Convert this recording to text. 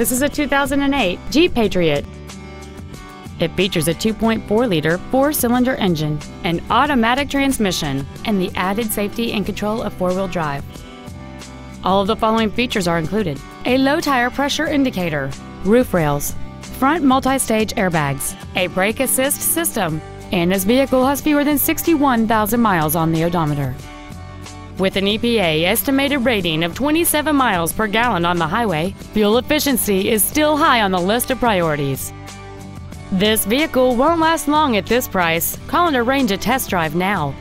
This is a 2008 Jeep Patriot. It features a 2.4 liter four cylinder engine, an automatic transmission, and the added safety and control of four wheel drive. All of the following features are included a low tire pressure indicator, roof rails, front multi stage airbags, a brake assist system, and this vehicle has fewer than 61,000 miles on the odometer. With an EPA estimated rating of 27 miles per gallon on the highway, fuel efficiency is still high on the list of priorities. This vehicle won't last long at this price. Call and arrange a test drive now.